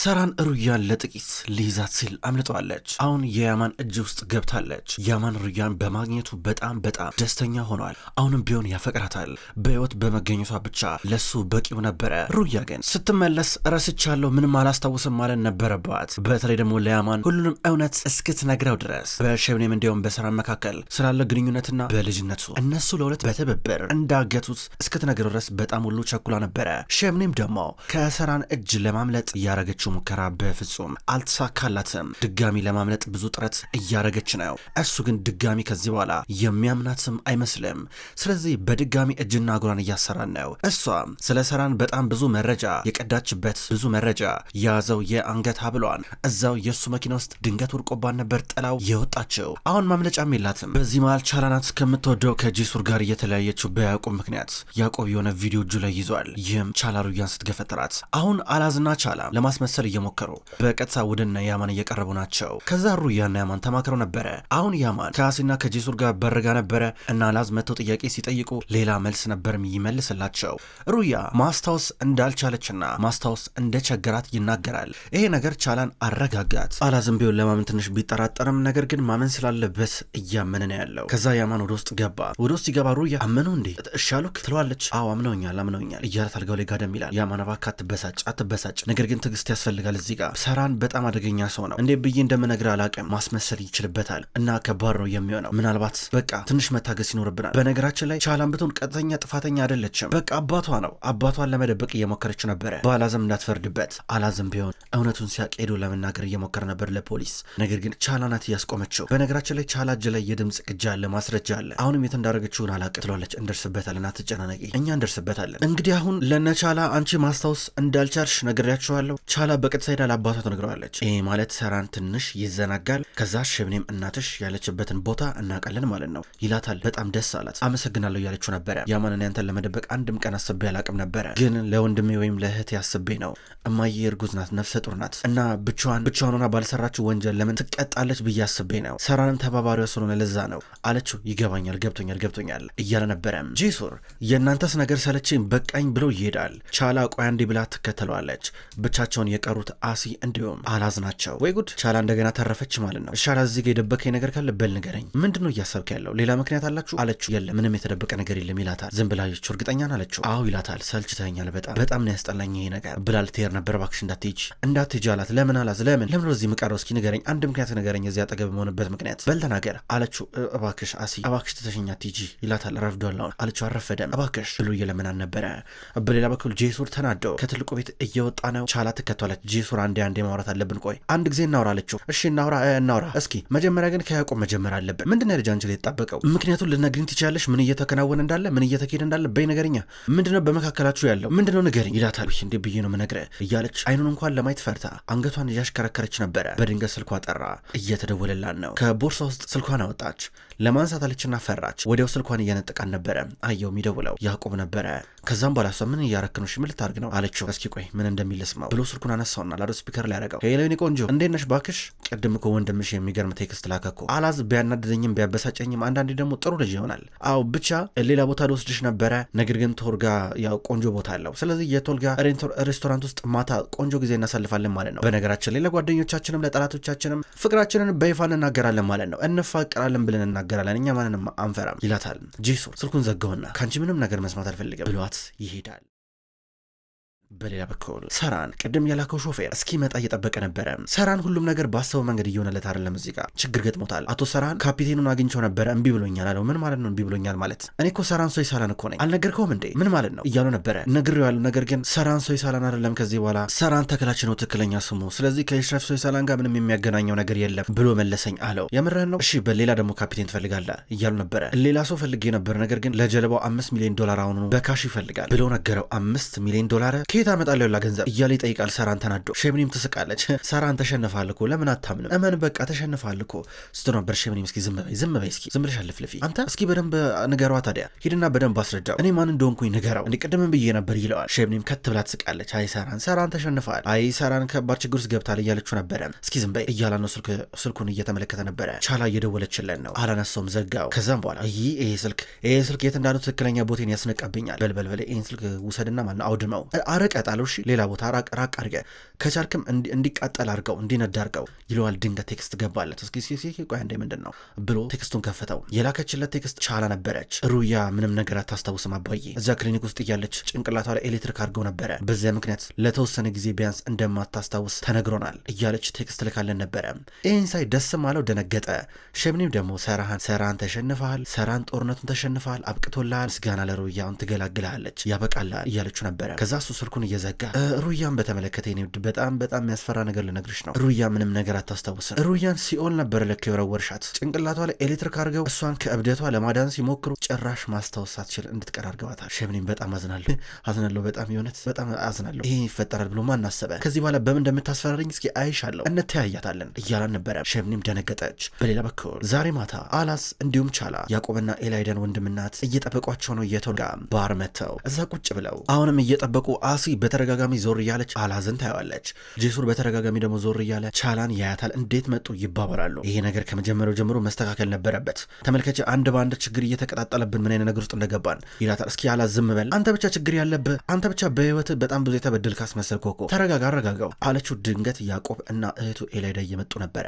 ሰራን ሩያን ለጥቂት ሊይዛት ሲል አምልጠዋለች። አሁን የያማን እጅ ውስጥ ገብታለች። ያማን ሩያን በማግኘቱ በጣም በጣም ደስተኛ ሆኗል። አሁንም ቢሆን ያፈቅራታል። በህይወት በመገኘቷ ብቻ ለሱ በቂው ነበረ። ሩያ ግን ስትመለስ ረስቻለሁ፣ ምንም አላስታውስም ማለት ነበረባት። በተለይ ደግሞ ለያማን ሁሉንም እውነት እስክትነግረው ድረስ በሸብኔም እንዲያውም በሰራን መካከል ስላለ ግንኙነትና በልጅነቱ እነሱ ለሁለት በትብብር እንዳገቱት እስክትነግረው ድረስ በጣም ሁሉ ቸኩላ ነበረ። ሸብኔም ደግሞ ከሰራን እጅ ለማምለጥ እያረገች ያደረገችው ሙከራ በፍጹም አልተሳካላትም። ድጋሚ ለማምለጥ ብዙ ጥረት እያደረገች ነው። እሱ ግን ድጋሚ ከዚህ በኋላ የሚያምናትም አይመስልም። ስለዚህ በድጋሚ እጅና እግሯን እያሰራን ነው። እሷ ስለ ሰራን በጣም ብዙ መረጃ የቀዳችበት ብዙ መረጃ የያዘው የአንገት ሀብሏን እዛው የእሱ መኪና ውስጥ ድንገት ወድቆባን ነበር ጥላው የወጣችው። አሁን ማምለጫም የላትም። በዚህ መሃል ቻላናት ከምትወደው ከጂሱር ጋር እየተለያየችው በያዕቆብ ምክንያት ያዕቆብ የሆነ ቪዲዮ እጁ ላይ ይዟል። ይህም ቻላ ሩያን አሁን አላዝና ቻላ ለማስመ ለማስመሰል እየሞከሩ በቀጥታ ወደና ያማን እየቀረቡ ናቸው። ከዛ ሩያና ያማን ተማክረው ነበረ። አሁን ያማን ከአሲና ከጄሱር ጋር በርጋ ነበረ እና ላዝ መጥተው ጥያቄ ሲጠይቁ ሌላ መልስ ነበር የሚመልስላቸው። ሩያ ማስታወስ እንዳልቻለችና ማስታወስ እንደቸገራት ይናገራል። ይሄ ነገር ቻላን አረጋጋት። አላዝም ቢሆን ለማመን ትንሽ ቢጠራጠርም ነገር ግን ማመን ስላለበት እያመነ ነው ያለው። ከዛ ያማን ወደ ውስጥ ገባ። ወደ ውስጥ ሲገባ ሩያ አመኑ እንዴ እሻሉክ ትለዋለች። አዎ አምነውኛል አምነውኛል እያለት አልጋው ላይ ጋደም ይላል። ያማን እባክህ አትበሳጭ አትበሳጭ፣ ነገር ግን ትዕግስት ያስፈልጋል። እዚህ ጋር ሰራን በጣም አደገኛ ሰው ነው። እንዴት ብዬ እንደምነግር አላቅም። ማስመሰል ይችልበታል እና ከባድ ነው የሚሆነው። ምናልባት በቃ ትንሽ መታገስ ይኖርብናል። በነገራችን ላይ ቻላን ብትሆን ቀጥተኛ ጥፋተኛ አይደለችም። በቃ አባቷ ነው። አባቷን ለመደበቅ እየሞከረች ነበረ። በአላዘም እንዳትፈርድበት። አላዘም ቢሆን እውነቱን ሲያቅ ሄዶ ለመናገር እየሞከረ ነበር ለፖሊስ። ነገር ግን ቻላ ናት እያስቆመችው። በነገራችን ላይ ቻላ እጅ ላይ የድምፅ ቅጅ አለ፣ ማስረጃ አለ። አሁንም የት እንዳደረገችውን አላቅ ትሏለች። እንደርስበታለን፣ አትጨናነቂ፣ እኛ እንደርስበታለን። እንግዲህ አሁን ለነቻላ አንቺ ማስታወስ እንዳልቻልሽ ነግሬያችኋለሁ። ቻላ በኋላ በቀጥታ ሄዳ ለአባቷ ትነግረዋለች። ይህ ማለት ሰራን ትንሽ ይዘናጋል። ከዛ ሸብኔም እናትሽ ያለችበትን ቦታ እናውቃለን ማለት ነው ይላታል። በጣም ደስ አላት። አመሰግናለሁ እያለችው ነበረ። ያማንን ያንተን ለመደበቅ አንድም ቀን አስቤ አላቅም ነበረ፣ ግን ለወንድሜ ወይም ለእህቴ አስቤ ነው። እማዬ እርጉዝ ናት፣ ነፍሰ ጡር ናት እና ብቻዋን ብቻዋን ሆና ባልሰራችው ወንጀል ለምን ትቀጣለች ብዬ አስቤ ነው። ሰራንም ተባባሪዋ ስለሆነ ለዛ ነው አለችው። ይገባኛል፣ ገብቶኛል፣ ገብቶኛል እያለ ነበረም። ጂሱር የእናንተስ ነገር ሰለችኝ በቃኝ ብሎ ይሄዳል። ቻላ ቆይ አንዴ ብላ ትከተለዋለች። ብቻቸውን የቀሩት አሲ እንዲሁም አላዝ ናቸው። ወይ ጉድ! ቻላ እንደገና ተረፈች ማለት ነው። ሻላ እዚህ ጋ የደበከኝ ነገር ካለ በል ንገረኝ። ምንድን ነው እያሰብክ ያለው? ሌላ ምክንያት አላችሁ አለችው። የለ ምንም የተደበቀ ነገር የለም ይላታል። ዝም ብላየች እርግጠኛን አለችው። አዎ ይላታል። ሰልችተኛል በጣም በጣም ነው ያስጠላኝ ይሄ ነገር ብላ ልትሄድ ነበር። እባክሽ እንዳትሄጂ እንዳትሄጂ አላት። ለምን አላዝ ለምን ለምን እዚህ የምቀረው? እስኪ ንገረኝ፣ አንድ ምክንያት ንገረኝ፣ እዚህ አጠገብ መሆንበት ምክንያት በል ተናገር አለችው። እባክሽ አሲ እባክሽ ትተሽኝ አትሂጂ ይላታል። ረፍዷል አለችው። አረፈደም እባክሽ ብሎ እየለመናን ነበረ። በሌላ በኩል ጄሱር ተናደው ከትልቁ ቤት እየወጣ ነው። ቻላ ትከተ አለች። ጂሱራ አንዴ አንዴ ማውራት አለብን። ቆይ አንድ ጊዜ እናውራ አለችው። እሺ እናውራ እናውራ። እስኪ መጀመሪያ ግን ከያዕቆብ መጀመር አለብን። ምንድን ነው ልጅ አንቺ ላይ የተጣበቀው? ምክንያቱን ልትነግሪኝ ትችያለሽ? ምን እየተከናወነ እንዳለ ምን እየተካሄደ እንዳለ በይ ነገርኛ። ምንድነው በመካከላችሁ ያለው ምንድነው ንገሪኝ ይላታል። እንዴ ብዬ ነው የምነግርህ እያለች አይኑን እንኳን ለማየት ፈርታ አንገቷን እያሽከረከረች ነበረ። በድንገት ስልኳ ጠራ። እየተደወለላን ነው። ከቦርሳ ውስጥ ስልኳን አወጣች። ለማንሳት አለችና ፈራች። ወዲያው ስልኳን እየነጠቃን ነበረ። አየው የሚደውለው ያዕቆብ ነበረ። ከዛም በኋላ እሷ ምን እያረክኖሽ ምን ልታርግ ነው አለችው። እስኪ ቆይ ምን እንደሚልስማው ብሎ ስልኩን ስልኩን አነሳውና ላውድ ስፒከር ላይ ያደረገው ሄሎ የኔ ቆንጆ እንዴት ነሽ ባክሽ ቅድም እኮ ወንድምሽ የሚገርም ቴክስት ላከኮ አላዝ ቢያናደደኝም ቢያበሳጨኝም አንዳንዴ ደግሞ ጥሩ ልጅ ይሆናል አዎ ብቻ ሌላ ቦታ ልወስድሽ ነበረ ነገር ግን ቶልጋ ያው ቆንጆ ቦታ አለው ስለዚህ የቶልጋ ሬስቶራንት ውስጥ ማታ ቆንጆ ጊዜ እናሳልፋለን ማለት ነው በነገራችን ላይ ለጓደኞቻችንም ለጠላቶቻችንም ፍቅራችንን በይፋ እንናገራለን ማለት ነው እንፋቀራለን ብለን እናገራለን እኛ ማንንም አንፈራም ይላታል ጄሱ ስልኩን ዘጋውና ከአንቺ ምንም ነገር መስማት አልፈልግም ብሏት ይሄዳል በሌላ በኩል ሰራን ቅድም የላከው ሾፌር እስኪመጣ እየጠበቀ ነበረ። ሰራን ሁሉም ነገር ባሰበው መንገድ እየሆነለት አይደለም። እዚህ ጋር ችግር ገጥሞታል። አቶ ሰራን ካፒቴኑን አግኝቸው ነበረ፣ እምቢ ብሎኛል አለው። ምን ማለት ነው እምቢ ብሎኛል ማለት? እኔ እኮ ሰራን ሶይ ሳላን እኮ ነኝ፣ አልነገርከውም እንዴ ምን ማለት ነው እያሉ ነበረ። ነግሬዋለሁ፣ ነገር ግን ሰራን ሶይ ሳላን አይደለም። ከዚህ በኋላ ሰራን ተክላችን ነው ትክክለኛ ስሙ። ስለዚህ ከኢሽረፍ ሶይ ሳላን ጋር ምንም የሚያገናኘው ነገር የለም ብሎ መለሰኝ አለው። የምርህን ነው? እሺ በሌላ ደግሞ ካፒቴን ትፈልጋለ እያሉ ነበረ። ሌላ ሰው ፈልጌ ነበር፣ ነገር ግን ለጀልባው አምስት ሚሊዮን ዶላር አሁኑ በካሽ ይፈልጋል ብሎ ነገረው። አምስት ሚሊዮን ዶላር ከየት አመጣለሁ ላ ገንዘብ እያለ ይጠይቃል። ሰራን ተናዶ ሸምኒም ትስቃለች። ሰራን ተሸንፋል እኮ ለምን አታምንም? እመን በቃ ተሸንፋል እኮ ስቶ ነበር ሸምኒም። እስኪ ዝም በይ ዝም በይ እስኪ ዝም ብለሽ አልፍልፊ። አንተ እስኪ በደንብ ንገሯ ታዲያ ሂድና በደንብ አስረዳው እኔ ማን እንደሆንኩኝ ንገራው እንደ ቅድምን ብዬ ነበር ይለዋል። ሸምኒም ከት ብላ ትስቃለች። አይ ሰራን ሰራን ተሸንፋል። አይ ሰራን ከባድ ችግር ውስጥ ገብታል እያለችው ነበረ። እስኪ ዝም በይ እያላ ነው ስልኩን እየተመለከተ ነበረ። ቻላ እየደወለችለን ነው አላነሳውም፣ ዘጋው። ከዛም በኋላ ይህ ይሄ ስልክ ይሄ ስልክ የት እንዳሉ ትክክለኛ ቦቴን ያስነቃብኛል። በልበልበል ይህን ስልክ ውሰድና ማነው አውድመው አረ ጣለው። እሺ ሌላ ቦታ ራቅ ራቅ አድርገ ከቻልክም እንዲቃጠል አድርገው እንዲነድ አድርገው ይለዋል። ድንገት ቴክስት ገባለት። እስኪ ሲሲ ቆይ አንዴ ምንድን ነው ብሎ ቴክስቱን ከፍተው የላከችለት ቴክስት ቻላ ነበረች። ሩያ ምንም ነገር አታስታውስም አባዬ። እዛ ክሊኒክ ውስጥ እያለች ጭንቅላቷ ላይ ኤሌክትሪክ አድርገው ነበረ። በዚያ ምክንያት ለተወሰነ ጊዜ ቢያንስ እንደማታስታውስ ተነግሮናል እያለች ቴክስት ልካለን ነበረ። ይህን ሳይ ደስም አለው፣ ደነገጠ። ሸምኒም ደግሞ ሰራሃን ሰራን ተሸንፈሃል፣ ሰራን ጦርነቱን ተሸንፈሃል፣ አብቅቶልሃል፣ ምስጋና ለሩያውን ትገላግልሃለች፣ ያበቃላል እያለችው ነበረ። ከዛ እሱ ስልኩን አፉን እየዘጋ ሩያን በተመለከተ በጣም በጣም የሚያስፈራ ነገር ልነግርሽ ነው። ሩያ ምንም ነገር አታስታውስም። ሩያን ሲኦል ነበር ልክ የወረወርሻት። ጭንቅላቷ ላይ ኤሌክትሪክ አድርገው እሷን ከእብደቷ ለማዳን ሲሞክሩ ጭራሽ ማስታወስ ሳትችል እንድትቀር አድርገዋታል። ሸምኒም በጣም አዝናለሁ፣ አዝናለሁ፣ በጣም የእውነት በጣም አዝናለሁ። ይህ ይፈጠራል ብሎ ማን አሰበ? ከዚህ በኋላ በምን እንደምታስፈራርኝ እስኪ አይሻለሁ፣ እንተያያታለን እያላን ነበረ። ሸምኒም ደነገጠች። በሌላ በኩል ዛሬ ማታ አላስ እንዲሁም ቻላ ያዕቆብና ኤላይደን ወንድምናት እየጠበቋቸው ነው። እየተጋ ባር መጥተው እዛ ቁጭ ብለው አሁንም እየጠበቁ አስ ዳሲ በተደጋጋሚ ዞር እያለች አላዝን ታየዋለች። ጄሱር በተደጋጋሚ ደግሞ ዞር እያለ ቻላን ያያታል። እንዴት መጡ ይባባላሉ። ይሄ ነገር ከመጀመሪያው ጀምሮ መስተካከል ነበረበት። ተመልከች፣ አንድ በአንድ ችግር እየተቀጣጠለብን ምን አይነት ነገር ውስጥ እንደገባን ይላታል። እስኪ አላዝ ዝም በል አንተ ብቻ ችግር ያለብህ አንተ ብቻ በህይወት በጣም ብዙ የተበደል ካስመሰልክ ኮኮ ተረጋጋ፣ አረጋጋው አለችው። ድንገት ያዕቆብ እና እህቱ ኤላይዳ እየመጡ ነበረ።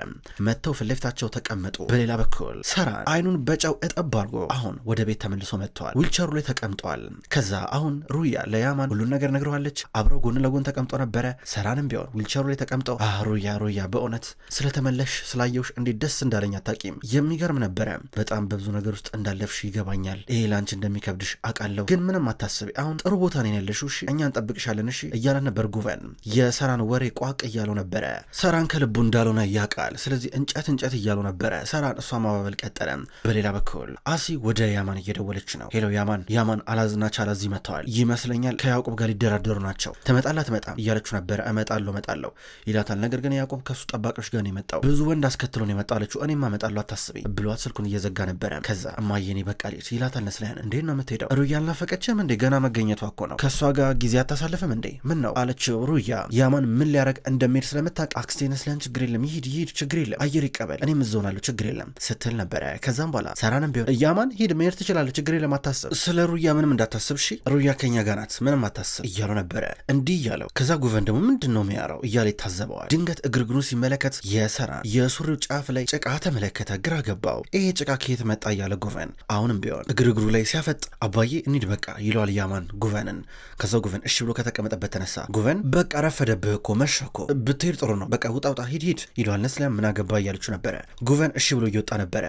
መጥተው ፊት ለፊታቸው ተቀመጡ። በሌላ በኩል ሰራን አይኑን በጨው እጠብ አድርጎ አሁን ወደ ቤት ተመልሶ መጥተዋል። ዊልቸሩ ላይ ተቀምጠዋል። ከዛ አሁን ሩያ ለያማን ሁሉን ነገር ነግረዋል። ሆናለች። አብረው ጎን ለጎን ተቀምጦ ነበረ። ሰራንም ቢሆን ዊልቸሩ ላይ ተቀምጠው ሩያ ሩያ፣ በእውነት ስለተመለሽ ስላየውሽ እንዴት ደስ እንዳለኝ አታቂም። የሚገርም ነበረ። በጣም በብዙ ነገር ውስጥ እንዳለፍሽ ይገባኛል። ይሄ ላንች እንደሚከብድሽ አውቃለሁ፣ ግን ምንም አታስቢ። አሁን ጥሩ ቦታ ነው ያለሽው። እሺ እኛ እንጠብቅሻለን። እሺ እያለ ነበር ጉቨን። የሰራን ወሬ ቋቅ እያለው ነበረ። ሰራን ከልቡ እንዳልሆነ ያውቃል። ስለዚህ እንጨት እንጨት እያለው ነበረ። ሰራን እሷ ማባበል ቀጠለ። በሌላ በኩል አሲ ወደ ያማን እየደወለች ነው። ሄሎ ያማን፣ ያማን አላዝና ቻላ እዚህ መጥተዋል ይመስለኛል ከያዕቆብ ጋር ሊደራደሩ ዶላር ናቸው። ትመጣላ ትመጣም እያለች ነበረ። እመጣለሁ እመጣለሁ ይላታል። ነገር ግን ያዕቆብ ከሱ ጠባቂዎች ጋር ነው የመጣው፣ ብዙ ወንድ ነው የመጣ አለችው። እኔም እመጣለሁ አታስቢ ብሏት ስልኩን እየዘጋ ነበረ። ከዛ እማዬኔ በቃ ልሂድ ይላታል። ነስሊሀን እንዴት ነው የምትሄደው? ሩያ አልናፈቀችም እንዴ? ገና መገኘቷ እኮ ነው። ከእሷ ጋር ጊዜ አታሳልፍም እንዴ? ምን ነው አለችው። ሩያ ያማን ምን ሊያረግ እንደሚሄድ ስለምታውቅ አክስቴ ነስሊሀን ችግር የለም ይሂድ ይሂድ ችግር የለም አየር ይቀበል እኔም እዞናለሁ ችግር የለም ስትል ነበረ። ከዛም በኋላ ሰራንም ቢሆን ያማን ሂድ መሄድ ትችላለህ ችግር የለም አታስብ፣ ስለ ሩያ ምንም እንዳታስብ እሺ ሩያ ከኛ ጋር ናት ምንም አታስብ እያሉ ነበር ነበረ እንዲህ እያለው ከዛ ጉቨን ደግሞ ምንድን ነው የሚያራው እያለ ይታዘበዋል። ድንገት እግርግኑ ሲመለከት የሰራን የሱሪው ጫፍ ላይ ጭቃ ተመለከተ። ግራ ገባው። ይሄ ጭቃ ከየት መጣ እያለ ጉቨን አሁንም ቢሆን እግርግሩ ላይ ሲያፈጥ አባዬ እንሂድ በቃ ይለዋል ያማን ጉቨንን። ከዛ ጉቨን እሺ ብሎ ከተቀመጠበት ተነሳ። ጉቨን በቃ ረፈደብህ እኮ መሸ እኮ ብትሄድ ጥሩ ነው በቃ ውጣውጣ ሂድ ሂድ ይለዋል። ነስሊሀን ምን አገባ እያለችው ነበረ። ጉቨን እሺ ብሎ እየወጣ ነበረ።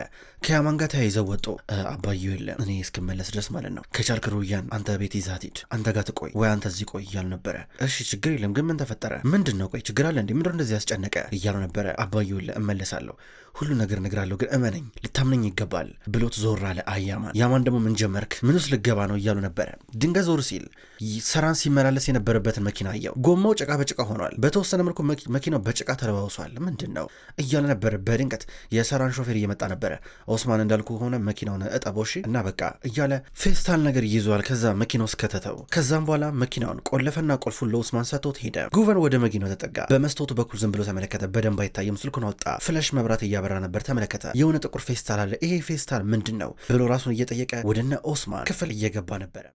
ከያማን ጋር ተያይዘው ወጡ። አባዬ የለም እኔ እስክመለስ ድረስ ማለት ነው። ከቻልክ ሩያን አንተ ቤት ይዛት ሂድ አንተ ጋር ትቆይ ወይ አንተ እዚህ ቆይ እያሉ ነበረ። እሺ ችግር የለም ግን ምን ተፈጠረ? ምንድን ነው? ቆይ ችግር አለ እንዴ? ምንድን እንደዚህ ያስጨነቀ? እያሉ ነበረ። አባዬ እመለሳለሁ፣ ሁሉ ነገር እነግራለሁ፣ ግን እመነኝ፣ ልታምነኝ ይገባል ብሎት ዞር አለ። አያማን ያማን ደግሞ ምን ጀመርክ? ምን ውስጥ ልገባ ነው እያሉ ነበረ። ድንገት ዞር ሲል ሰራን ሲመላለስ የነበረበትን መኪና አየው። ጎማው ጭቃ በጭቃ ሆኗል። በተወሰነ መልኩ መኪናው በጭቃ ተለባውሷል። ምንድን ነው እያለ ነበረ። በድንገት የሰራን ሾፌር እየመጣ ነበረ። ኦስማን እንዳልኩ ከሆነ መኪናውን እጠቦሽ እና በቃ እያለ ፌስታል ነገር ይዟል። ከዛ መኪናው እስከተተው ከዛም በኋላ መኪናውን ቆለፈና ቁልፉን ለኡስማን ሰጥቶት ሄደ። ጉቨን ወደ መኪናው ተጠጋ። በመስታወቱ በኩል ዝም ብሎ ተመለከተ። በደንብ አይታየም። ስልኩን አወጣ። ፍለሽ መብራት እያበራ ነበር። ተመለከተ። የሆነ ጥቁር ፌስታል አለ። ይሄ ፌስታል ምንድን ነው ብሎ ራሱን እየጠየቀ ወደነ ኦስማን ክፍል እየገባ ነበረ።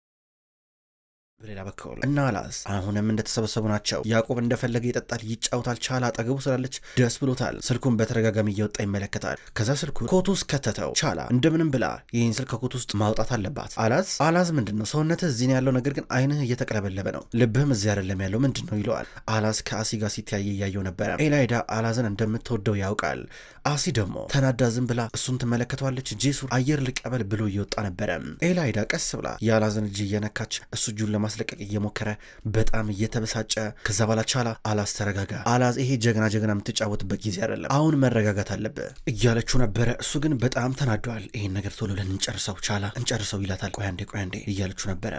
በሌላ በኩል እና አላዝ አሁንም እንደተሰበሰቡ ናቸው። ያዕቆብ እንደፈለገ ይጠጣል፣ ይጫወታል። ቻላ አጠገቡ ስላለች ደስ ብሎታል። ስልኩን በተደጋጋሚ እየወጣ ይመለከታል። ከዛ ስልኩ ኮቱ ውስጥ ከተተው። ቻላ እንደምንም ብላ ይህን ስልክ ከኮቱ ውስጥ ማውጣት አለባት። አላዝ አላዝ ምንድን ነው ሰውነትህ እዚህ ነው ያለው፣ ነገር ግን አይንህ እየተቀለበለበ ነው፣ ልብህም እዚህ አይደለም ያለው ምንድን ነው ይለዋል። አላዝ ከአሲ ጋር ሲተያየ እያየው ነበረ። ኤላይዳ አላዝን እንደምትወደው ያውቃል። አሲ ደግሞ ተናዳ ዝም ብላ እሱን ትመለከተዋለች። ጄሱር አየር ልቀበል ብሎ እየወጣ ነበረ። ኤላይዳ ቀስ ብላ የአላዝን እጅ እየነካች እሱ እጁን ለማ ለማስለቀቅ እየሞከረ በጣም እየተበሳጨ ከዛ በኋላ ቻላ አላዝ ተረጋጋ፣ አላዝ ይሄ ጀግና ጀግና የምትጫወትበት ጊዜ አይደለም፣ አሁን መረጋጋት አለብህ እያለችው ነበረ። እሱ ግን በጣም ተናዷል። ይህን ነገር ቶሎ ብለን እንጨርሰው ቻላ፣ እንጨርሰው ይላታል። ቆያንዴ ቆያንዴ እያለችው ነበረ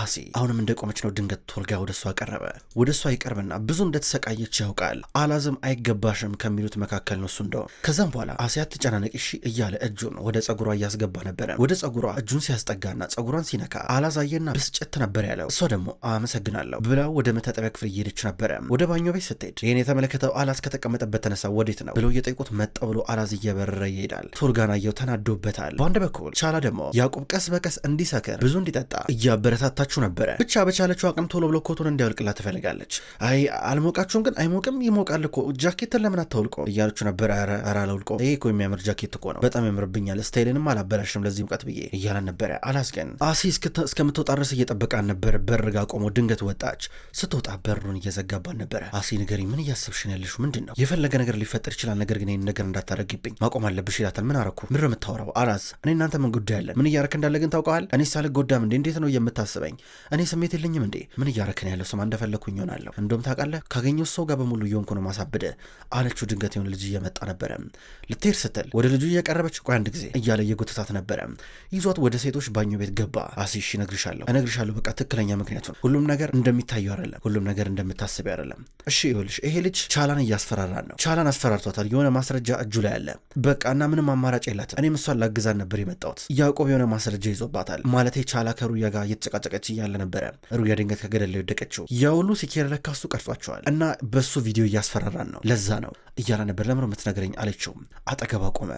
አሴ አሁንም እንደቆመች ነው። ድንገት ቶልጋ ወደ እሷ ቀረበ። ወደ እሷ ይቀርብና ብዙ እንደተሰቃየች ያውቃል። አላዝም አይገባሽም ከሚሉት መካከል ነው እሱ እንደሆነ። ከዛም በኋላ አሴ አትጨናነቅ እሺ እያለ እጁን ወደ ጸጉሯ እያስገባ ነበረ። ወደ ጸጉሯ እጁን ሲያስጠጋና ጸጉሯን ሲነካ አላዛየና ብስጭት ነበር ያለው። እሷ ደግሞ አመሰግናለሁ ብላ ወደ መታጠቢያ ክፍል እየሄደች ነበረ። ወደ ባኞ ቤት ስትሄድ ይህን የተመለከተው አላዝ ከተቀመጠበት ተነሳ። ወዴት ነው ብለው እየጠይቁት መጣ ብሎ አላዝ እየበረረ ይሄዳል። የው ተናዶበታል። በአንድ በኩል ቻላ ደግሞ ያቁብ ቀስ በቀስ እንዲሰክር ብዙ እንዲጠጣ እያበረታታ እየተፋታችሁ ነበረ። ብቻ በቻለችው አቅም ቶሎ ብሎ ኮቱን እንዲያወልቅላት ትፈልጋለች። አይ አልሞቃችሁም ግን አይሞቅም፣ ይሞቃል እኮ ጃኬትን ለምን አታውልቆ እያለችው ነበር። ኧረ አላውልቆ፣ ይሄ እኮ የሚያምር ጃኬት እኮ ነው፣ በጣም ያምርብኛል፣ ስታይልንም አላበላሽም ለዚህ ሙቀት ብዬ እያለን ነበረ። አላስገን አሲ እስከምትወጣ ድረስ እየጠበቃን ነበር። በር ጋ ቆሞ ድንገት ወጣች። ስትወጣ በሩን እየዘጋባን ነበረ። አሲ ንገሪ፣ ምን እያሰብሽን ያለሽ ምንድን ነው? የፈለገ ነገር ሊፈጠር ይችላል፣ ነገር ግን ይህን ነገር እንዳታረግብኝ ማቆም አለብሽ ይላታል። ምን አረኩ? ምድር የምታወራው አላስ፣ እኔ እናንተ ምን ጉዳይ አለን? ምን እያረክ እንዳለ ግን ታውቀዋል። እኔ ሳልጎዳም እንዴ? እንዴት ነው የምታስበኝ? አስቸገረኝ። እኔ ስሜት የለኝም እንዴ? ምን እያረክን ያለው ስማ፣ እንደፈለግኩኝ ይሆናለሁ። እንደውም ታውቃለህ፣ ካገኘው ሰው ጋር በሙሉ እየሆንኩ ነው ማሳብደ አለችው። ድንገት የሆነ ልጅ እየመጣ ነበረ። ልትሄድ ስትል ወደ ልጁ እየቀረበች ቆይ አንድ ጊዜ እያለ እየጎተታት ነበረ። ይዟት ወደ ሴቶች ባኞ ቤት ገባ። አሲሽ፣ እነግርሻለሁ እነግርሻለሁ፣ በቃ ትክክለኛ ምክንያቱን ሁሉም ነገር እንደሚታየው አይደለም፣ ሁሉም ነገር እንደምታስብ አይደለም። እሺ ይኸውልሽ፣ ይሄ ልጅ ቻላን እያስፈራራን ነው። ቻላን አስፈራርቷታል። የሆነ ማስረጃ እጁ ላይ አለ። በቃ እና ምንም አማራጭ የላትም። እኔም እሷን ላግዛን ነበር የመጣሁት። ያዕቆብ የሆነ ማስረጃ ይዞባታል። ማለት ቻላ ከሩያ ጋር እየተጨቃጨቀ እየሮጠች እያለ ነበረ ሩያ ድንገት ከገደል የወደቀችው። ወደቀችው። የውሉ ሲኬር ለካ እሱ ቀርጿቸዋል እና በሱ ቪዲዮ እያስፈራራን ነው ለዛ ነው እያለ ነበር። ለምን የምትነግረኝ አለችው። አጠገባ ቆመ።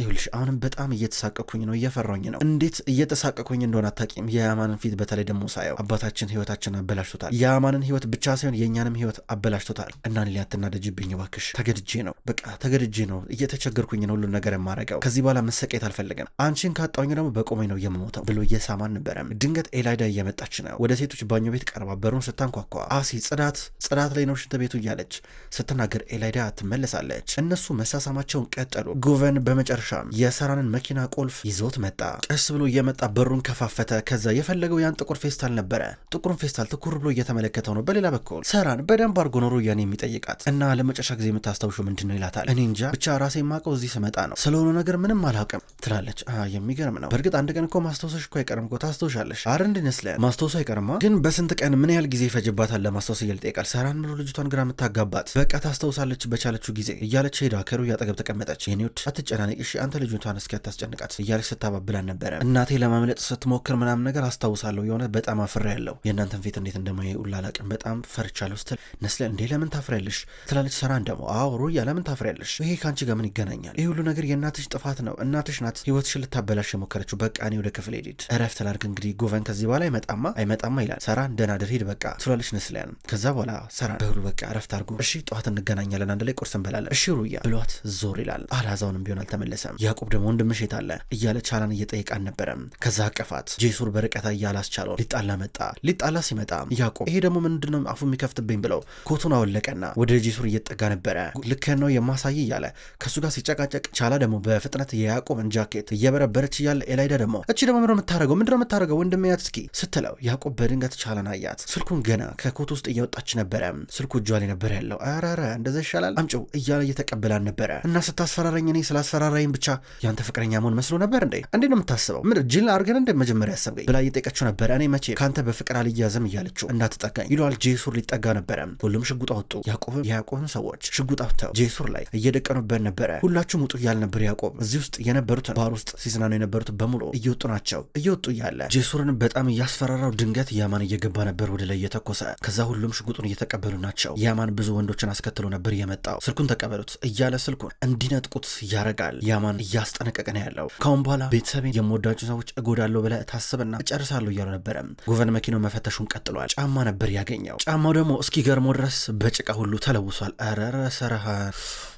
ይኸውልሽ አሁንም በጣም እየተሳቀኩኝ ነው፣ እየፈራኝ ነው። እንዴት እየተሳቀኩኝ እንደሆነ አታውቂም። የአማንን ፊት በተለይ ደግሞ ሳየው አባታችን ህይወታችን አበላሽቶታል። የአማንን ህይወት ብቻ ሳይሆን የእኛንም ህይወት አበላሽቶታል። እና ሊያትና ደጅብኝ እባክሽ፣ ተገድጄ ነው፣ በቃ ተገድጄ ነው፣ እየተቸገርኩኝ ነው ሁሉን ነገር የማረገው። ከዚህ በኋላ መሰቀየት አልፈልግም። አንቺን ካጣኝ ደግሞ በቆመኝ ነው የምሞተው ብሎ እየሳማን ነበረም። ድንገት ኤላይዳ እየመጣች ነው። ወደ ሴቶች ባኞ ቤት ቀርባ በሩን ስታንኳኳ አሲ ጽዳት ጽዳት ላይ ነው ሽንት ቤቱ እያለች ስትናገር ኤላይዳ ትመለሳለች። እነሱ መሳሳማቸውን ቀጠሉ። ጉቨን በመጨረ በመጨረሻም የሰራንን መኪና ቁልፍ ይዞት መጣ። ቀስ ብሎ እየመጣ በሩን ከፋፈተ። ከዛ የፈለገው ያን ጥቁር ፌስታል ነበረ። ጥቁሩን ፌስታል ትኩር ብሎ እየተመለከተው ነው። በሌላ በኩል ሰራን በደንብ አድርጎ ኖሮ እያን የሚጠይቃት እና ለመጨረሻ ጊዜ የምታስታውሹ ምንድን ነው ይላታል። እኔ እንጃ ብቻ ራሴ ማቀው እዚህ ስመጣ ነው፣ ስለሆነ ነገር ምንም አላውቅም ትላለች። የሚገርም ነው። በእርግጥ አንድ ቀን እኮ ማስታወሰሽ እኮ አይቀርም እኮ ታስታውሻለሽ። አረ እንድንስለን ማስታወሱ አይቀርማ፣ ግን በስንት ቀን ምን ያህል ጊዜ ይፈጅባታል ለማስታወስ እያል ይጠይቃል። ሰራን ነው ልጅቷን ግራ የምታጋባት። በቃ ታስታውሳለች በቻለችው ጊዜ እያለች ሄዳ ከሩ እያጠገብ ተቀመጠች። የኔውድ አትጨናነቂሽ አንተ ልጅቷን እስኪ አታስጨንቃት እያለች ስታባብላን ነበረ። እናቴ ለማምለጥ ስትሞክር ምናምን ነገር አስታውሳለሁ። የሆነ በጣም አፍሬ ያለው የእናንተን ፊት እንዴት እንደማየ ላላቅም በጣም ፈርቻለሁ ስትል ነስለ እንዴ ለምን ታፍሬያለሽ ትላለች። ሰራን ደግሞ አዎ ሩያ ለምን ታፍሬያለሽ? ይሄ ከአንቺ ጋር ምን ይገናኛል? ይህ ሁሉ ነገር የእናትሽ ጥፋት ነው። እናትሽ ናት ህይወትሽን ልታበላሽ የሞከረችው። በቃ እኔ ወደ ክፍል ሄድድ እረፍት ላድርግ እንግዲህ ጎቨን ከዚህ በኋላ አይመጣማ አይመጣማ ይላል። ሰራን ደህና ደር ሂድ በቃ ትላለች ነስለን። ከዛ በኋላ ሰራን በሁሉ በቃ እረፍት አድርጉ እሺ፣ ጠዋት እንገናኛለን አንድ ላይ ቁርስ እንበላለን እሺ ሩያ ብሏት ዞር ይላል። አላዛውንም ቢሆን አልተመለሰ አልመለሰም። ያዕቆብ ደግሞ ወንድምሽ የት አለ እያለ ቻላን እየጠየቀ አልነበረም። ከዛ አቀፋት። ጄሱር በርቀታ እያላስቻለው ሊጣላ መጣ። ሊጣላ ሲመጣ ያዕቆብ ይሄ ደግሞ ምንድነው አፉ የሚከፍትብኝ ብለው ኮቱን አወለቀና ወደ ጄሱር እየጠጋ ነበረ። ልክህን ነው የማሳይ እያለ ከእሱ ጋር ሲጨቃጨቅ፣ ቻላ ደግሞ በፍጥነት የያዕቆብን ጃኬት እየበረበረች እያለ ኤላይዳ ደግሞ እቺ ደግሞ ምንድነው የምታደርገው ምንድነው የምታደርገው ወንድም ያት እስኪ ስትለው ያዕቆብ በድንገት ቻላን አያት። ስልኩን ገና ከኮቱ ውስጥ እያወጣች ነበረ። ስልኩ እጇ ላይ ነበር ያለው። አራረ እንደዛ ይሻላል አምጪው እያለ እየተቀበላን ነበረ እና ስታስፈራረኝ እኔ ስላስፈራራኝ አንቺን ብቻ ያንተ ፍቅረኛ መሆን መስሎ ነበር እንዴ? እንዴ ነው የምታስበው? ምድር ጅል አድርገን እንደ መጀመሪያ ያሰብገኝ ብላ እየጠየቀችው ነበር። እኔ መቼ ከአንተ በፍቅር አልያዘም እያለችው እንዳትጠጋኝ ይለዋል። ጄሱር ሊጠጋ ነበረ። ሁሉም ሽጉጥ አወጡ። ያዕቆብም የያዕቆብን ሰዎች ሽጉጥ አውጥተው ጄሱር ላይ እየደቀኑበት ነበረ። ሁላችሁም ውጡ እያል ነበር ያዕቆብ። እዚህ ውስጥ የነበሩትን ባር ውስጥ ሲዝናኑ የነበሩት በሙሉ እየወጡ ናቸው። እየወጡ እያለ ጄሱርን በጣም እያስፈራራው ድንገት ያማን እየገባ ነበር ወደ ላይ እየተኮሰ። ከዛ ሁሉም ሽጉጡን እየተቀበሉ ናቸው። ያማን ብዙ ወንዶችን አስከትሎ ነበር የመጣው። ስልኩን ተቀበሉት እያለ ስልኩን እንዲነጥቁት ያረጋል። አዳማን እያስጠነቀቀ ነው ያለው። ካሁን በኋላ ቤተሰቤን የምወዳቸው ሰዎች እጎዳለሁ ብለህ ታስብና እጨርሳለሁ እያሉ ነበረ። ጉቨን መኪናው መፈተሹን ቀጥሏል። ጫማ ነበር ያገኘው። ጫማው ደግሞ እስኪ ገርሞ ድረስ በጭቃ ሁሉ ተለውሷል። ረረ ሰረሀ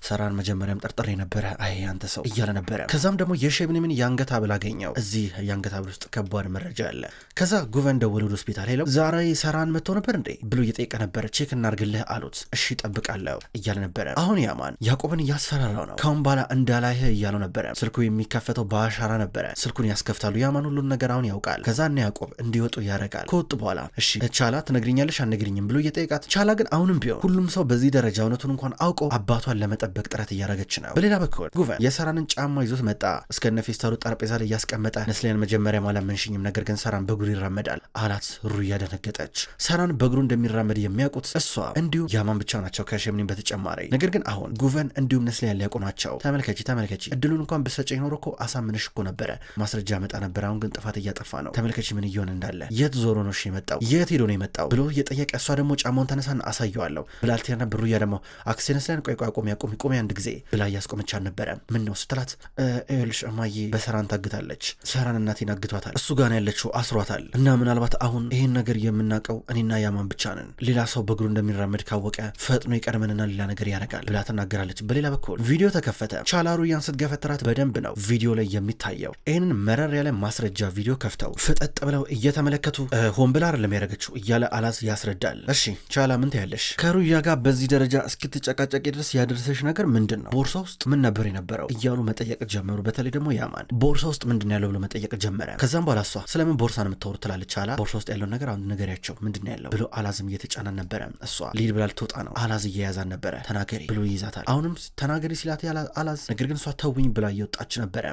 ሰራን መጀመሪያም ጠርጥሬ ነበረ፣ አይ አንተ ሰው እያለ ነበረ። ከዛም ደግሞ የሸብኒምን የአንገት ሀብል አገኘው። እዚህ የአንገት ሀብል ውስጥ ከባድ መረጃ አለ። ከዛ ጉቨን ደወለ ወደ ሆስፒታል። ሄለው ዛሬ ሰራን መጥቶ ነበር እንዴ ብሎ እየጠየቀ ነበረ። ቼክ እናርግልህ አሉት። እሺ ጠብቃለሁ እያለ ነበረ። አሁን ያማን ያዕቆብን እያስፈራራው ነው። ካሁን በኋላ እንዳላይህ እያለ ነው ነበረ። ስልኩ የሚከፈተው በአሻራ ነበረ። ስልኩን ያስከፍታሉ። ያማን ሁሉን ነገር አሁን ያውቃል። ከዛ እና ያዕቆብ እንዲወጡ ያደርጋል። ከወጡ በኋላ እሺ ቻላ ትነግርኛለሽ አነግርኝም ብሎ እየጠየቃት፣ ቻላ ግን አሁንም ቢሆን ሁሉም ሰው በዚህ ደረጃ እውነቱን እንኳን አውቀው አባቷን ለመጠበቅ ጥረት እያደረገች ነው። በሌላ በኩል ጉቨን የሰራንን ጫማ ይዞት መጣ። እስከነ ፌስታሉ ጠረጴዛ ላይ እያስቀመጠ ነስሊያን መጀመሪያ መንሽኝም ነገር ግን ሰራን በእግሩ ይራመዳል አላት። ሩ እያደነገጠች ሰራን በእግሩ እንደሚራመድ የሚያውቁት እሷ እንዲሁም ያማን ብቻ ናቸው ከሸምኒም በተጨማሪ ነገር ግን አሁን ጉቨን እንዲሁም ነስሊያን ሊያውቁ ናቸው። ተመልከቺ ተመልከቺ እድሉን እንኳን ብሰጨኝ ኖሮ እኮ አሳምንሽ እኮ ነበረ ማስረጃ መጣ ነበር። አሁን ግን ጥፋት እያጠፋ ነው። ተመልከች ምን እየሆነ እንዳለ። የት ዞሮ ነው የመጣው? የት ሄዶ ነው የመጣው ብሎ እየጠየቀ እሷ ደግሞ ጫማውን ተነሳና አሳየዋለሁ ብላልቴና ብሩያ ደግሞ አክሴነስላን ቆይ ቆይ ቆሚ ቆሚ ቆሚ አንድ ጊዜ ብላ እያስቆመች አልነበረ። ምን ነው ስትላት ይኸውልሽ እማዬ በሰራን ታግታለች። ሰራን እናቴን አግቷታል። እሱ ጋር ያለችው አስሯታል። እና ምናልባት አሁን ይህን ነገር የምናውቀው እኔና ያማን ብቻ ነን። ሌላ ሰው በእግሩ እንደሚራመድ ካወቀ ፈጥኖ ይቀድመንና ሌላ ነገር ያደርጋል ብላ ትናገራለች። በሌላ በኩል ቪዲዮ ተከፈተ። ቻላሩ ያን ስትገ እየፈጠራት በደንብ ነው ቪዲዮ ላይ የሚታየው። ይህንን መረር ያለ ማስረጃ ቪዲዮ ከፍተው ፍጠጥ ብለው እየተመለከቱ ሆን ብላ አይደለም ያደረገችው እያለ አላስ ያስረዳል። እሺ ቻላ ምን ታያለሽ? ከሩያ ጋር በዚህ ደረጃ እስክትጨቃጨቂ ድረስ ያደረሰሽ ነገር ምንድን ነው? ቦርሳ ውስጥ ምን ነበር የነበረው እያሉ መጠየቅ ጀመሩ። በተለይ ደግሞ ያማን ቦርሳ ውስጥ ምንድን ያለው ብሎ መጠየቅ ጀመረ። ከዛም በኋላ እሷ ስለምን ቦርሳ ነው የምታወሩት ትላለች። ቻላ ቦርሳ ውስጥ ያለውን ነገር አሁን ንገሪያቸው ምንድን ያለው ብሎ አላዝም እየተጫናን ነበረ። እሷ ሊድ ብላ ልትወጣ ነው። አላዝ እየያዛን ነበረ። ተናገሪ ብሎ ይይዛታል። አሁንም ተናገሪ ሲላት አላዝ ነገር ግን እሷ ተው ተውኝ ብላ እየወጣች ነበረ።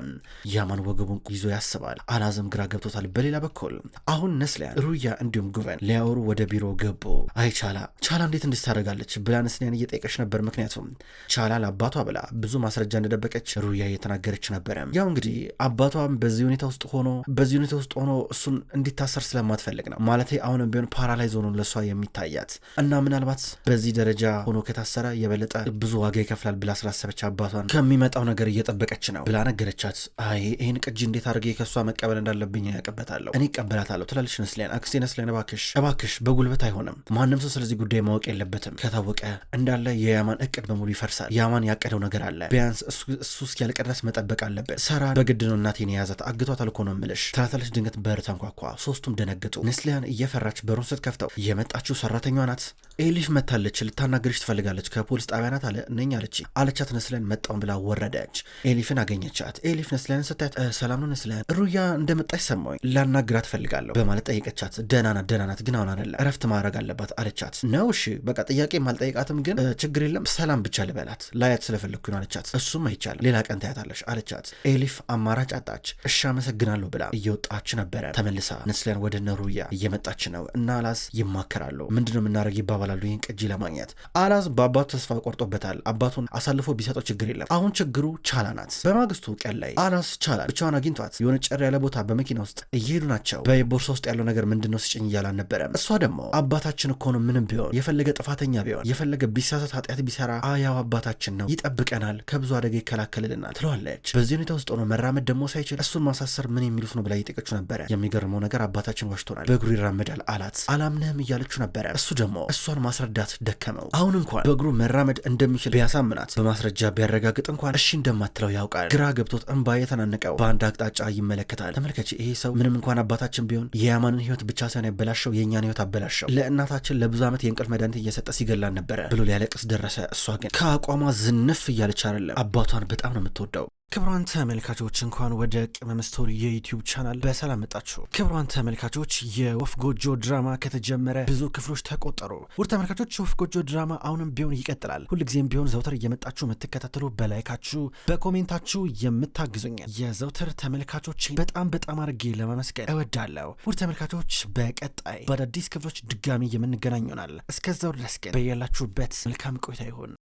ያማን ወገቡን ይዞ ያስባል። አላዘም ግራ ገብቶታል። በሌላ በኩል አሁን ነስሊያን ሩያ እንዲሁም ጉቨን ሊያወሩ ወደ ቢሮ ገቡ። አይ ቻላ ቻላ እንዴት እንድታደርጋለች ብላ ነስሊያን እየጠየቀች ነበር። ምክንያቱም ቻላ ለአባቷ ብላ ብዙ ማስረጃ እንደደበቀች ሩያ እየተናገረች ነበረ። ያው እንግዲህ አባቷም በዚህ ሁኔታ ውስጥ ሆኖ በዚህ ሁኔታ ውስጥ ሆኖ እሱን እንዲታሰር ስለማትፈልግ ነው ማለት አሁንም ቢሆን ፓራላይዝ ሆኖ ለእሷ የሚታያት እና ምናልባት በዚህ ደረጃ ሆኖ ከታሰረ የበለጠ ብዙ ዋጋ ይከፍላል ብላ ስላሰበች አባቷን ከሚመጣው ነገር እየጠ እየጠበቀች ነው ብላ ነገረቻት። አይ ይህን ቅጂ እንዴት አድርጌ ከእሷ መቀበል እንዳለብኝ ያቀበታለሁ እኔ ይቀበላታለሁ ትላለች ነስሊያን። አክስቴ ነስሊያን እባክሽ እባክሽ፣ በጉልበት አይሆንም። ማንም ሰው ስለዚህ ጉዳይ ማወቅ የለበትም። ከታወቀ እንዳለ የያማን እቅድ በሙሉ ይፈርሳል። ያማን ያቀደው ነገር አለ። ቢያንስ እሱ እስኪያልቅ ድረስ መጠበቅ አለብን። ሰራ በግድ ነው እናቴን የያዛት አግቷታል እኮ ነው ምልሽ ትላታለች። ድንገት በር ተንኳኳ። ሶስቱም ደነገጡ። ነስሊያን እየፈራች በሩን ስትከፍተው የመጣችው ሰራተኛ ናት። ኤሊፍ መታለች። ልታናግርሽ ትፈልጋለች። ከፖሊስ ጣቢያ ናት አለ ነኝ አለች አለቻት። ነስሊያን መጣውን ብላ ወረደች። ኤሊፍን አገኘቻት። ኤሊፍ ነስሊሀንን ስታያት ሰላም ነው ነስሊሀን፣ ሩያ እንደመጣች ሰማሁኝ ላናግራት እፈልጋለሁ በማለት ጠየቀቻት። ደናናት ደናናት፣ ግን አሁን አደለ እረፍት ማድረግ አለባት አለቻት። ነው እሺ በቃ ጥያቄ ማልጠይቃትም፣ ግን ችግር የለም ሰላም ብቻ ልበላት ላያት ስለፈለግኩ ነው አለቻት። እሱም አይቻልም ሌላ ቀን ታያታለሽ አለቻት። ኤሊፍ አማራጭ አጣች። እሺ አመሰግናለሁ ብላ እየወጣች ነበረ። ተመልሳ ነስሊሀን ወደ እነ ሩያ እየመጣች ነው እና አላስ ይማከራሉ። ምንድነው የምናደርግ ይባባላሉ። ይህን ቅጂ ለማግኘት አላስ በአባቱ ተስፋ ቆርጦበታል። አባቱን አሳልፎ ቢሰጠው ችግር የለም አሁን ችግሩ ቻላ ናት። በማግስቱ ቀን ላይ አናስ ቻላል ብቻዋን አግኝቷት የሆነ ጨር ያለ ቦታ በመኪና ውስጥ እየሄዱ ናቸው። በቦርሳ ውስጥ ያለው ነገር ምንድን ነው ስጭኝ እያለ አልነበረም። እሷ ደግሞ አባታችን እኮ ነው፣ ምንም ቢሆን የፈለገ ጥፋተኛ ቢሆን የፈለገ ቢሳሳት ኃጢአት ቢሰራ አያው አባታችን ነው፣ ይጠብቀናል፣ ከብዙ አደጋ ይከላከልልናል ትለዋለች። በዚህ ሁኔታ ውስጥ ሆኖ መራመድ ደግሞ ሳይችል እሱን ማሳሰር ምን የሚሉት ነው ብላ እየጠየቀችው ነበረ። የሚገርመው ነገር አባታችን ዋሽቶናል፣ በእግሩ ይራመዳል አላት። አላምንህም እያለችው ነበረ። እሱ ደግሞ እሷን ማስረዳት ደከመው። አሁን እንኳን በእግሩ መራመድ እንደሚችል ቢያሳምናት በማስረጃ ቢያረጋግጥ እንኳን እሺ እንደማትል እንደሚከተለው ያውቃል። ግራ ገብቶት እንባ የተናነቀው በአንድ አቅጣጫ ይመለከታል። ተመልከች፣ ይሄ ሰው ምንም እንኳን አባታችን ቢሆን የያማንን ህይወት ብቻ ሳይሆን ያበላሸው የእኛን ህይወት አበላሸው። ለእናታችን ለብዙ ዓመት የእንቅልፍ መድኃኒት እየሰጠ ሲገላን ነበረ ብሎ ሊያለቅስ ደረሰ። እሷ ግን ከአቋሟ ዝንፍ እያለች አይደለም፣ አባቷን በጣም ነው የምትወደው። ክብሯን ተመልካቾች እንኳን ወደ ቅመም ስቶሪ የዩቲዩብ ቻናል በሰላም መጣችሁ። ክብሯን ተመልካቾች የወፍ ጎጆ ድራማ ከተጀመረ ብዙ ክፍሎች ተቆጠሩ። ውድ ተመልካቾች ወፍ ጎጆ ድራማ አሁንም ቢሆን ይቀጥላል። ሁልጊዜም ቢሆን ዘውትር እየመጣችሁ የምትከታተሉ በላይካችሁ፣ በኮሜንታችሁ የምታግዙኝ የዘውትር ተመልካቾች በጣም በጣም አድርጌ ለማመስገን እወዳለሁ። ውድ ተመልካቾች በቀጣይ በአዳዲስ ክፍሎች ድጋሚ የምንገናኝ ይሆናል። እስከዛው ድረስ ግን በያላችሁበት መልካም ቆይታ ይሁን።